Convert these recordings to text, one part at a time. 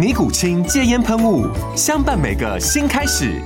尼古清戒煙噴霧，相伴每個新開始。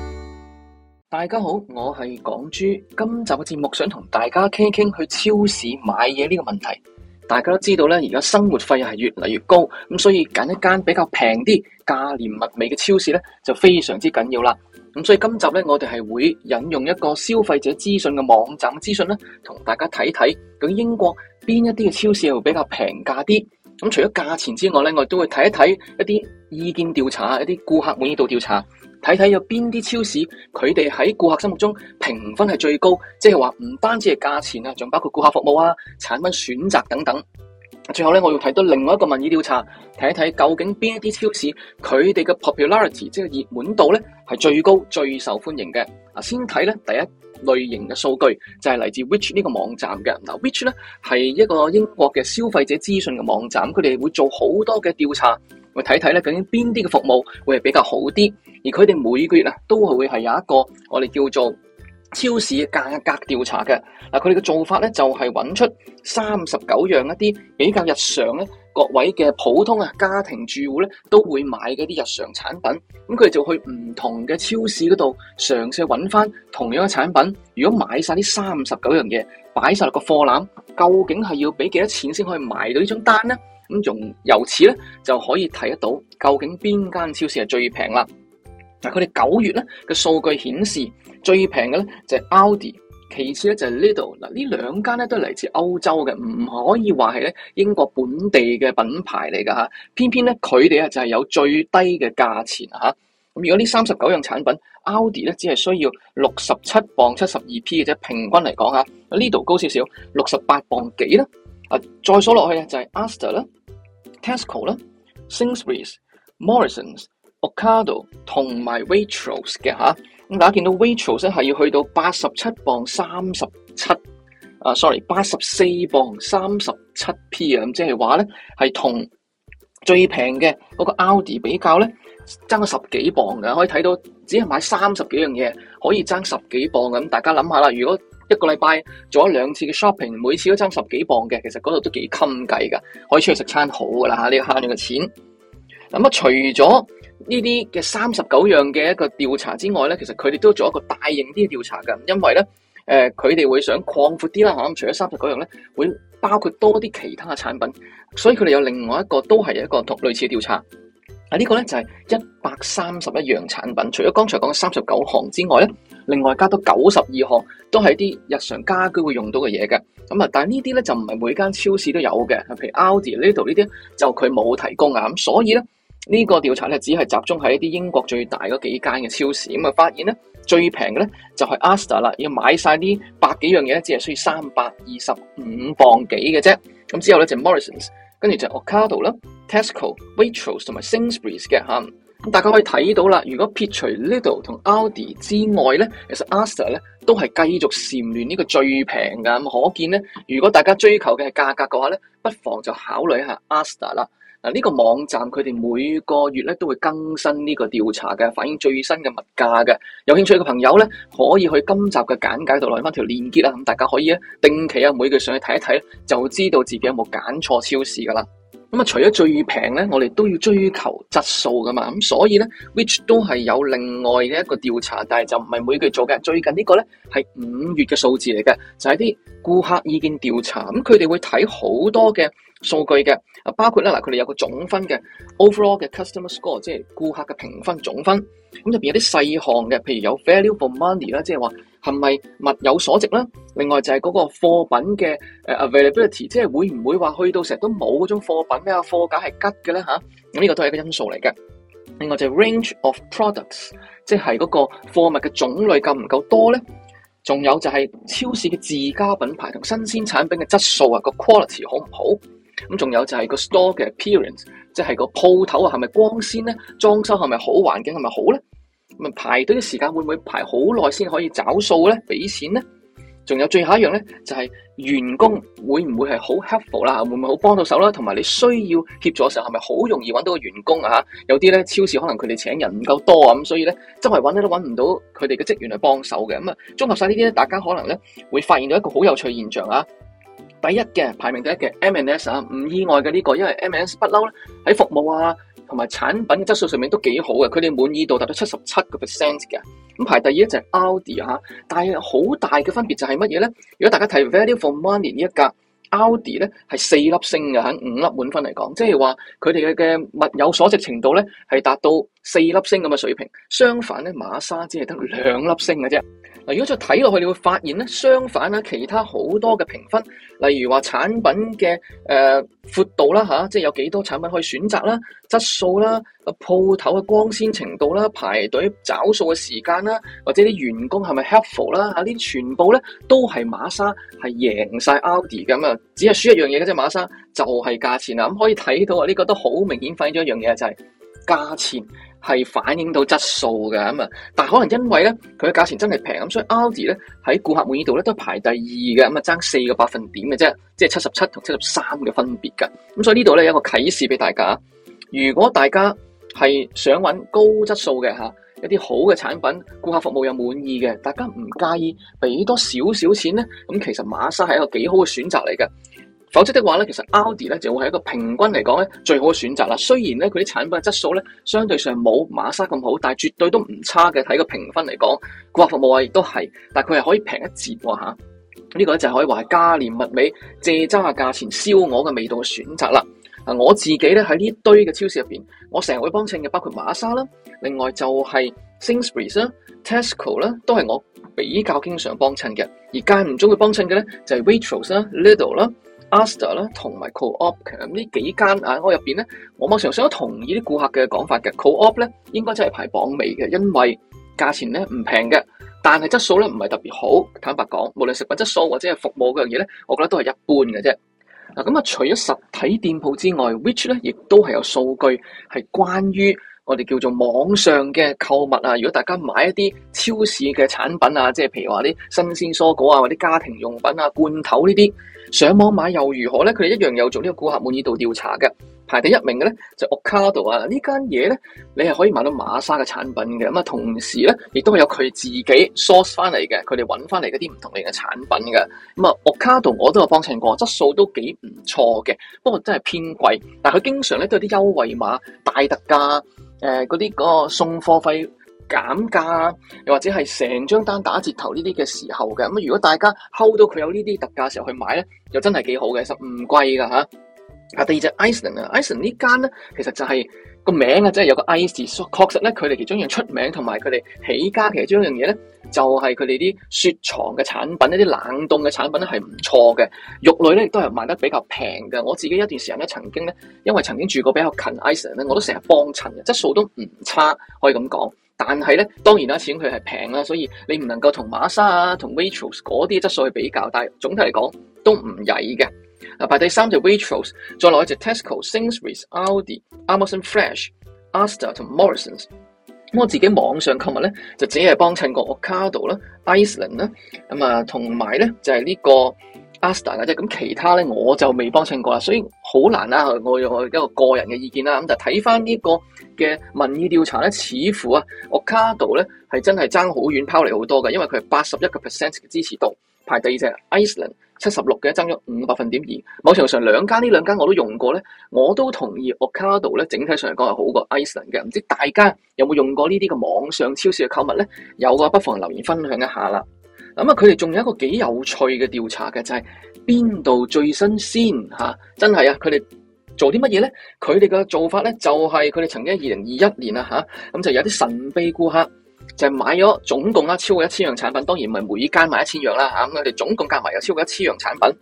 大家好，我係港豬。今集嘅節目想同大家傾一傾去超市買嘢呢個問題。大家都知道咧，而家生活費係越嚟越高，咁所以揀一間比較平啲、價廉物美嘅超市咧，就非常之緊要啦。咁所以今集咧，我哋係會引用一個消費者資訊嘅網站嘅資訊咧，同大家睇睇咁英國邊一啲嘅超市會比較平價啲。咁除咗價錢之外咧，我亦都會睇一睇一啲意見調查，一啲顧客滿意度調查，睇睇有邊啲超市佢哋喺顧客心目中評分係最高，即係話唔單止係價錢啊，仲包括顧客服務啊、產品選擇等等。最後咧，我要睇到另外一個民意調查，睇一睇究竟邊一啲超市佢哋嘅 popularity，即係熱門度咧係最高，最受歡迎嘅啊。先睇咧第一。類型嘅數據就係、是、嚟自 Which 呢個網站嘅嗱。Which 咧係一個英國嘅消費者資訊嘅網站，佢哋會做好多嘅調查，去睇睇咧究竟邊啲嘅服務會係比較好啲，而佢哋每個月啊都係會係有一個我哋叫做超市嘅價格調查嘅嗱，佢哋嘅做法咧就係揾出三十九樣一啲比較日常咧，各位嘅普通啊家庭住戶咧都會買嘅一啲日常產品，咁佢哋就去唔同嘅超市嗰度嘗試揾翻同樣嘅產品，如果買晒啲三十九樣嘢擺晒落個貨籃，究竟係要俾幾多錢先可以買到這呢張單咧？咁仲由此咧就可以睇得到究竟邊間超市係最平啦。佢哋九月咧嘅數據顯示最平嘅咧就係 Audi，其次咧就係呢度。嗱，呢兩間咧都嚟自歐洲嘅，唔可以話係咧英國本地嘅品牌嚟㗎嚇。偏偏咧佢哋啊就係有最低嘅價錢嚇。咁如果呢三十九樣產品，Audi 咧只係需要六十七磅七十二 p 嘅啫，平均嚟講嚇，呢度高少少，六十八磅幾啦。啊，再數落去啊就係 a sta, co, s t o r 啦、Tesco 啦、s i n g s b u r y s Morrisons，Ocado 同埋 Waitrose 嘅吓。咁大家見到 Waitrose 咧係要去到八十七磅三十七，啊 sorry 八十四磅三十七 p 啊。咁即係話咧係同最平嘅嗰個 Audi 比較咧，爭咗十幾磅嘅，可以睇到只係買三十幾樣嘢可以爭十幾磅咁，大家諗下啦，如果一個禮拜做咗兩次嘅 shopping，每次都爭十幾磅嘅，其實嗰度都幾襟計噶，可以出去食餐好噶啦吓，呢個慳咗個錢。咁啊，除咗呢啲嘅三十九樣嘅一個調查之外咧，其實佢哋都做一個大型啲嘅調查㗎，因為咧，誒、呃，佢哋會想擴闊啲啦，吓、啊，除咗三十九樣咧，會包括多啲其他嘅產品，所以佢哋有另外一個都係一個同類似嘅調查。啊，這個、呢個咧就係一百三十一樣產品，除咗剛才講嘅三十九項之外咧，另外加多九十二項，都係啲日常家居會用到嘅嘢嘅。咁啊，但係呢啲咧就唔係每間超市都有嘅，譬如 Aldi 呢度呢啲就佢冇提供啊，咁所以咧。呢個調查咧只係集中喺一啲英國最大嗰幾間嘅超市，咁啊發現咧最平嘅咧就係、是、Asda 啦，要買晒啲百幾樣嘢，只係需要三百二十五磅幾嘅啫。咁之後咧就是、Morrisons，跟住就 Ocado 啦、Tesco、Waitrose 同埋 Sainsbury's 嘅吓。咁大家可以睇到啦，如果撇除 Lidl 同 Aldi 之外咧，其實 Asda 咧都係繼續蟬聯呢個最平嘅。咁可見咧，如果大家追求嘅係價格嘅話咧，不妨就考慮一下 Asda 啦。嗱，呢個網站佢哋每個月咧都會更新呢個調查嘅，反映最新嘅物價嘅。有興趣嘅朋友咧，可以去今集嘅簡介度攞翻條連結啦。咁大家可以咧定期啊每個月上去睇一睇，就知道自己有冇揀錯超市噶啦。咁啊，除咗最平咧，我哋都要追求質素噶嘛。咁所以咧，which 都係有另外嘅一個調查，但係就唔係每個月做嘅。最近這個呢個咧係五月嘅數字嚟嘅，就係啲顧客意見調查。咁佢哋會睇好多嘅。數據嘅啊，包括咧嗱，佢哋有個總分嘅 overall 嘅 customer score，即係顧客嘅評分總分。咁入邊有啲細項嘅，譬如有 value for money 啦，即係話係咪物有所值啦。另外就係嗰個貨品嘅誒 availability，即係會唔會話去到成日都冇嗰種貨品咧？貨架係吉嘅咧吓，咁、啊、呢、呢個都係一個因素嚟嘅。另外就係 range of products，即係嗰個貨物嘅種類夠唔夠多咧？仲有就係超市嘅自家品牌同新鮮產品嘅質素啊，個 quality 好唔好？咁仲有就係個 store 嘅 appearance，即係個鋪頭啊，係咪光鮮咧？裝修係咪好？環境係咪好咧？咁啊，排隊嘅時間會唔會排好耐先可以找數咧？俾錢咧？仲有最後一樣咧，就係、是、員工會唔會係好 helpful 啦？會唔會好、啊、幫到手啦？同埋你需要協助嘅時候，係咪好容易揾到個員工啊？有啲咧超市可能佢哋請人唔夠多啊，咁所以咧周圍揾咧都揾唔到佢哋嘅職員嚟幫手嘅。咁啊，綜合晒呢啲咧，大家可能咧會發現到一個好有趣現象啊！第一嘅排名第一嘅 M&S 啊，唔意外嘅呢個，因為 M&S 不嬲咧喺服務啊同埋產品嘅質素上面都幾好嘅，佢哋滿意度達到七十七個 percent 嘅。咁排第二就係 Aldi 啊，但係好大嘅分別就係乜嘢咧？如果大家睇 value for money 呢一格，Aldi 咧係四粒星嘅，喺五粒滿分嚟講，即係話佢哋嘅嘅物有所值程度咧係達到。四粒星咁嘅水平，相反咧，馬莎只係得兩粒星嘅啫。嗱，如果再睇落去，你會發現咧，相反啦，其他好多嘅評分，例如話產品嘅誒闊度啦吓，即係有幾多產品可以選擇啦，質素啦，啊、鋪頭嘅光鮮程度啦，排隊找數嘅時間啦，或者啲員工係咪 helpful 啦吓，呢啲全部咧都係馬莎係贏晒奧迪咁啊，只係輸一樣嘢嘅啫，馬莎就係、是、價錢啊。咁、嗯、可以睇到啊，呢、這個都好明顯發現咗一樣嘢，就係、是、價錢。係反映到質素嘅咁啊，但係可能因為咧佢嘅價錢真係平咁，所以 Aldi 咧喺顧客滿意度咧都排第二嘅咁啊，爭四個百分點嘅啫，即係七十七同七十三嘅分別㗎。咁所以這裏呢度咧有一個啟示俾大家啊，如果大家係想搵高質素嘅嚇，一啲好嘅產品，顧客服務又滿意嘅，大家唔介意俾多少少錢咧，咁其實馬莎係一個幾好嘅選擇嚟嘅。否則的話咧，其實 Aldi 咧就會係一個平均嚟講咧最好嘅選擇啦。雖然咧佢啲產品嘅質素咧相對上冇馬莎咁好，但係絕對都唔差嘅。睇個評分嚟講，顧客服務啊亦都係，但係佢係可以平一截喎嚇。呢、啊這個咧就可以話係價廉物美、借渣價錢燒鵝嘅味道嘅選擇啦。啊，我自己咧喺呢在這一堆嘅超市入邊，我成日會幫襯嘅，包括馬莎啦，另外就係 Sainsbury's 啦、Tesco 啦，都係我比較經常幫襯嘅。而間唔中會幫襯嘅咧，就係 Waitrose 啦、Lidl 啦。Master 咧，同埋 Co-op，咁呢幾間啊，我入邊咧，我默常想都同意啲顧客嘅講法嘅。Co-op 咧，應該真係排榜尾嘅，因為價錢咧唔平嘅，但係質素咧唔係特別好。坦白講，無論食品質素或者係服務嗰樣嘢咧，我覺得都係一般嘅啫。嗱，咁啊，除咗實體店鋪之外，Which 咧，亦都係有數據係關於。我哋叫做網上嘅購物啊，如果大家買一啲超市嘅產品啊，即係譬如話啲新鮮蔬果啊，或者家庭用品啊、罐頭呢啲，上網買又如何咧？佢哋一樣有做呢個顧客滿意度調查嘅，排第一名嘅咧就係，Ocado 啊，呢間嘢咧你係可以買到瑪莎嘅產品嘅，咁啊同時咧亦都係有佢自己 source 翻嚟嘅，佢哋揾翻嚟嗰啲唔同型嘅產品嘅，咁、嗯、啊 Ocado 我都有幫襯過，質素都幾唔錯嘅，不過真係偏貴，但佢經常咧都有啲優惠碼、大特價。誒嗰啲個送貨費減價，又或者係成張單打折頭呢啲嘅時候嘅，咁如果大家睺到佢有呢啲特價嘅時候去買咧，又真係幾好嘅，實唔貴㗎嚇。啊，第二隻 Island 啊 Island 呢間咧，其實就係、是。名個名啊，真係有個 Ice，確實咧，佢哋其中一樣出名，同埋佢哋起家其中一樣嘢咧，就係佢哋啲雪藏嘅產品，一啲冷凍嘅產品咧係唔錯嘅。肉類咧亦都係賣得比較平嘅。我自己一段時間咧，曾經咧，因為曾經住過比較近 Ice 咧，我都成日幫襯嘅，質素都唔差，可以咁講。但係咧，當然啦，始終佢係平啦，所以你唔能夠同瑪莎啊、同 Waitrose 嗰啲質素去比較。但係總體嚟講都唔曳嘅。啊排第三隻 Waitrose，再落一隻 Tesco、Sainsbury's、Aldi、Amazon Fresh、Asda 同 Morrison's。咁我自己網上購物咧，就只係幫襯過 Ocado 啦、嗯、Iceland 啦，咁啊同埋咧就係、是、呢個 Asda 嘅啫。咁其他咧我就未幫襯過啦，所以好難啦、啊。我有一個個人嘅意見啦，咁就睇翻呢個嘅民意調查咧，似乎啊 Ocado 咧係真係爭好遠，拋離好多嘅，因為佢係八十一個 percent 嘅支持度，排第二隻 Iceland。七十六嘅增咗五百分點二，某場上兩間呢兩間我都用過咧，我都同意 Ocado 咧整體上嚟講係好過 Iceland 嘅，唔知大家有冇用過呢啲嘅網上超市嘅購物咧？有嘅話不妨留言分享一下啦。咁啊，佢哋仲有一個幾有趣嘅調查嘅，就係邊度最新鮮吓？真係啊，佢哋、啊、做啲乜嘢咧？佢哋嘅做法咧，就係佢哋曾經二零二一年啊吓，咁就有啲神秘顧客。就係買咗總共啦，超過一千樣產品，當然唔係每間買一千樣啦嚇。咁佢哋總共加埋有超過一千樣產品，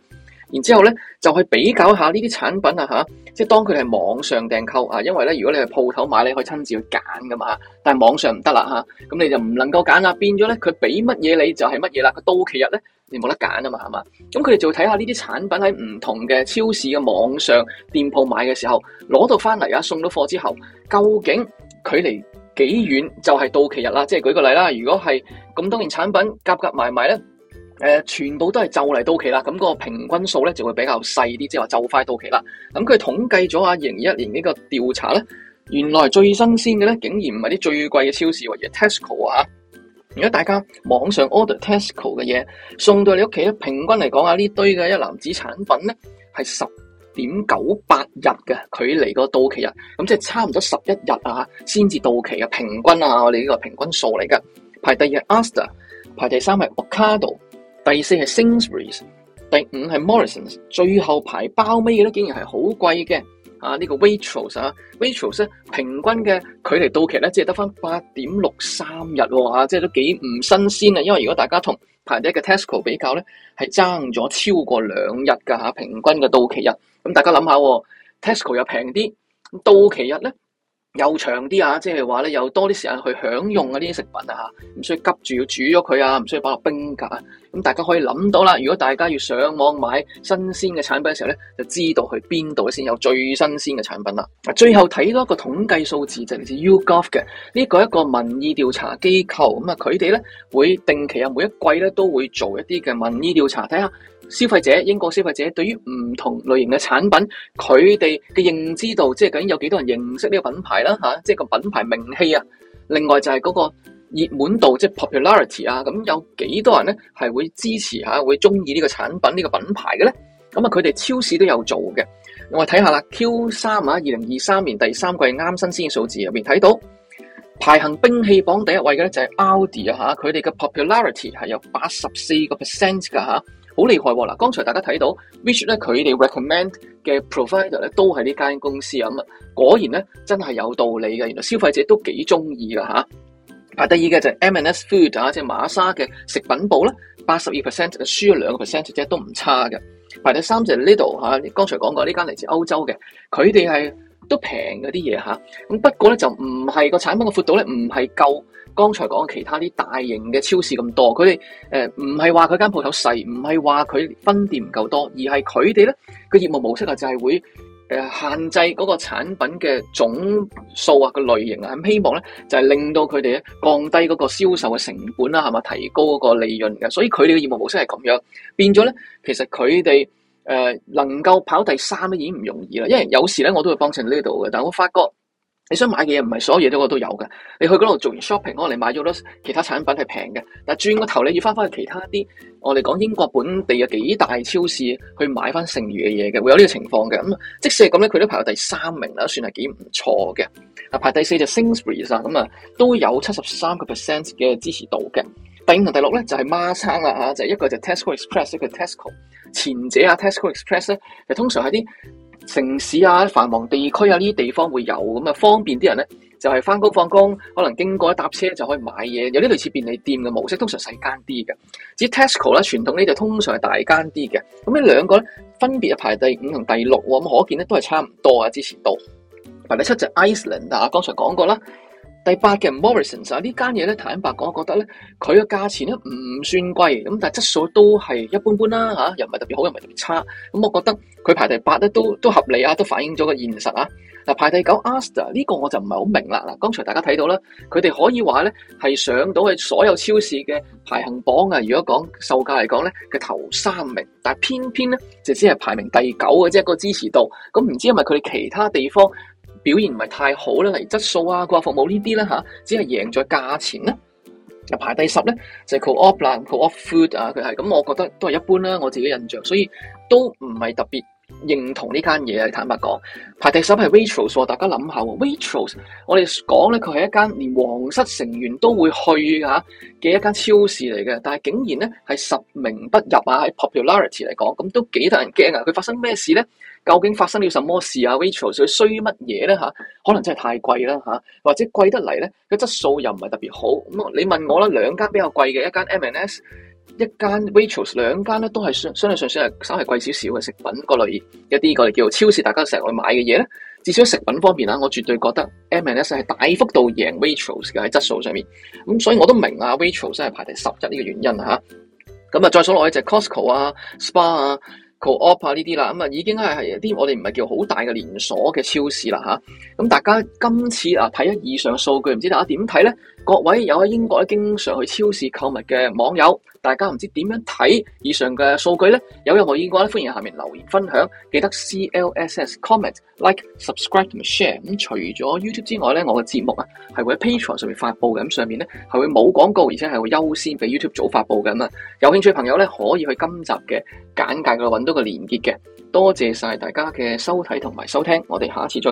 然之後咧就去比較下呢啲產品啊嚇，即係當佢哋係網上訂購啊，因為咧如果你係鋪頭買你可以親自去揀噶嘛。但係網上唔得啦嚇，咁你就唔能夠揀啦，變咗咧佢俾乜嘢你就係乜嘢啦，佢到期日咧你冇得揀啊嘛，係嘛？咁佢哋就睇下呢啲產品喺唔同嘅超市嘅網上店鋪買嘅時候，攞到翻嚟啊，送到貨之後，究竟距離幾遠就係到期日啦，即係舉個例啦。如果係咁多件產品夾夾埋埋咧，誒、呃，全部都係就嚟到期啦。咁、那個平均數咧就會比較細啲，即係話就快到期啦。咁、嗯、佢統計咗啊，二零二一年呢個調查咧，原來最新鮮嘅咧，竟然唔係啲最貴嘅超市或者 Tesco 啊。如果大家網上 order Tesco 嘅嘢送到你屋企咧，平均嚟講啊，呢堆嘅一籃子產品咧係十。點九八日嘅距離個到期日，咁即係差唔多十一日啊，先至到期嘅平均啊，我哋呢個平均數嚟嘅。排第二係 Aster，排第三係 Ocado，第四係 Sainsbury's，第五係 Morrison's，最後排包尾嘅都竟然係好貴嘅。啊，呢個 Waitrose 啊，Waitrose 平均嘅距離到期咧，即係得翻八點六三日喎啊，即係都幾唔新鮮啊，因為如果大家同。排第一嘅 Tesco 比較呢，係爭咗超過兩日㗎，平均嘅到期日。大家諗下喎，Tesco 又平啲，到期日呢。又長啲啊，即係話咧，又多啲時間去享用啊，呢啲食品啊吓，唔需要急住要煮咗佢啊，唔需要擺落冰格啊。咁大家可以諗到啦，如果大家要上網買新鮮嘅產品嘅時候咧，就知道去邊度先有最新鮮嘅產品啦。最後睇到一個統計數字，就嚟自 YouGov 嘅呢個一個民意調查機構咁啊，佢哋咧會定期啊，每一季咧都會做一啲嘅民意調查，睇下。消費者，英國消費者對於唔同類型嘅產品，佢哋嘅認知度，即係究竟有幾多人認識呢個品牌啦？嚇、啊，即係個品牌名氣啊。另外就係嗰個熱門度，即係 popularity 啊。咁有幾多人咧係會支持嚇、啊，會中意呢個產品、呢、呢個品牌嘅咧？咁啊，佢哋超市都有做嘅。我睇下啦，Q 三啊，二零二三年第三季啱新鮮嘅數字入面睇到，排行兵器榜第一位嘅咧就係 Aldi 啊，嚇，佢哋嘅 popularity 係有八十四個 percent 噶嚇。啊。好厲害喎、啊！嗱，剛才大家睇到 Which 咧佢哋 recommend 嘅 provider 咧都係呢間公司啊咁啊，果然咧真係有道理嘅，原來消費者都幾中意噶吓！第二嘅就係 M&S Food 啊，即係馬莎嘅食品部啦，八十二 percent 輸咗兩個 percent 啫，即係都唔差嘅。排第三就係呢度嚇，剛才講過,、啊、過呢間嚟自歐洲嘅，佢哋係都平嗰啲嘢吓。咁不過咧就唔係個產品嘅闊度咧，唔係夠。剛才講其他啲大型嘅超市咁多，佢哋誒唔係話佢間鋪頭細，唔係話佢分店唔夠多，而係佢哋咧個業務模式啊，就係會誒限制嗰個產品嘅總數啊，個類型啊，咁希望咧就係令到佢哋咧降低嗰個銷售嘅成本啦，係咪提高嗰個利潤嘅。所以佢哋嘅業務模式係咁樣，變咗咧，其實佢哋誒能夠跑第三咧已經唔容易啦。因為有時咧我都會幫襯呢度嘅，但我發覺。你想買嘅嘢唔係所有嘢都我都有嘅，你去嗰度做完 shopping，可能你買咗多其他產品係平嘅，但轉個頭你要翻翻去其他啲我哋講英國本地嘅幾大超市去買翻剩餘嘅嘢嘅，會有呢個情況嘅。咁、嗯、即使係咁咧，佢都排到第三名啦，算係幾唔錯嘅。排第四就 Sainsbury 啊，咁啊都有七十三個 percent 嘅支持度嘅。第五同第六咧就係孖生啦嚇，就是、一個就 Tesco Express，一個 Tesco。前者啊，Tesco Express 咧，就通常係啲。城市啊，繁忙地區啊，呢啲地方會有咁啊，方便啲人咧就係返工放工，可能經過一搭車就可以買嘢，有啲類似便利店嘅模式，通常細間啲嘅。至於 Tesco 咧，傳統呢就通常係大間啲嘅。咁呢兩個咧分別係排第五同第六，咁可見咧都係差唔多啊，之前度，排第七就 Iceland 啊，剛才講過啦。第八嘅 Morrisons 啊，呢間嘢咧坦白講，我覺得咧佢嘅價錢咧唔算貴，咁但係質素都係一般般啦，吓又唔係特別好，又唔係特別差，咁我覺得佢排第八咧都、嗯、都合理啊，都反映咗個現實啊。嗱，排第九 Asda 呢個我就唔係好明啦。嗱，剛才大家睇到啦，佢哋可以話咧係上到去所有超市嘅排行榜啊。如果講售價嚟講咧佢頭三名，但係偏偏咧就只係排名第九嘅，即係個支持度。咁唔知係咪佢哋其他地方？表現唔係太好啦，例如質素啊、佢話服務呢啲啦吓，只係贏咗價錢啦、啊。啊排第十咧，就 Co-op 啦，Co-op Food 啊，佢係咁，我覺得都係一般啦、啊，我自己印象，所以都唔係特別認同呢間嘢啊。你坦白講，排第十係 Waitrose 喎，大家諗下喎，Waitrose，我哋講咧佢係一間連皇室成員都會去嚇嘅、啊、一間超市嚟嘅，但係竟然咧係十名不入啊！喺 popularity 嚟講，咁都幾得人驚啊！佢發生咩事咧？究竟發生了什麼事啊？Waitrose 佢衰乜嘢咧嚇？可能真係太貴啦嚇，或者貴得嚟咧，個質素又唔係特別好。咁你問我啦，兩間比較貴嘅一間 M&S，一間 Waitrose，兩間咧都係相相對上算係稍係貴少少嘅食品個類，一啲我哋叫做超市，大家都成日去買嘅嘢咧。至少食品方面啊，我絕對覺得 M&S 係大幅度贏 Waitrose 嘅喺質素上面。咁所以我都明啊，Waitrose 真係排第十一嘅呢個原因嚇。咁啊，再數落去就 Costco 啊、Spa 啊。Co-op 啊呢啲啦，咁啊已經係啲我哋唔係叫好大嘅連鎖嘅超市啦吓，咁大家今次啊睇下以上數據，唔知大家點睇咧？各位有喺英國咧，經常去超市購物嘅網友，大家唔知點樣睇以上嘅數據呢？有任何意見嘅話歡迎喺下面留言分享。記得 CLSS comment like subscribe 同埋 share。咁除咗 YouTube 之外咧，我嘅節目啊係會喺 Patreon 上面發布嘅。咁上面咧係會冇廣告，而且係會優先俾 YouTube 早發布嘅。咁啊，有興趣嘅朋友咧可以去今集嘅簡介度揾到個連結嘅。多謝晒大家嘅收睇同埋收聽，我哋下次再。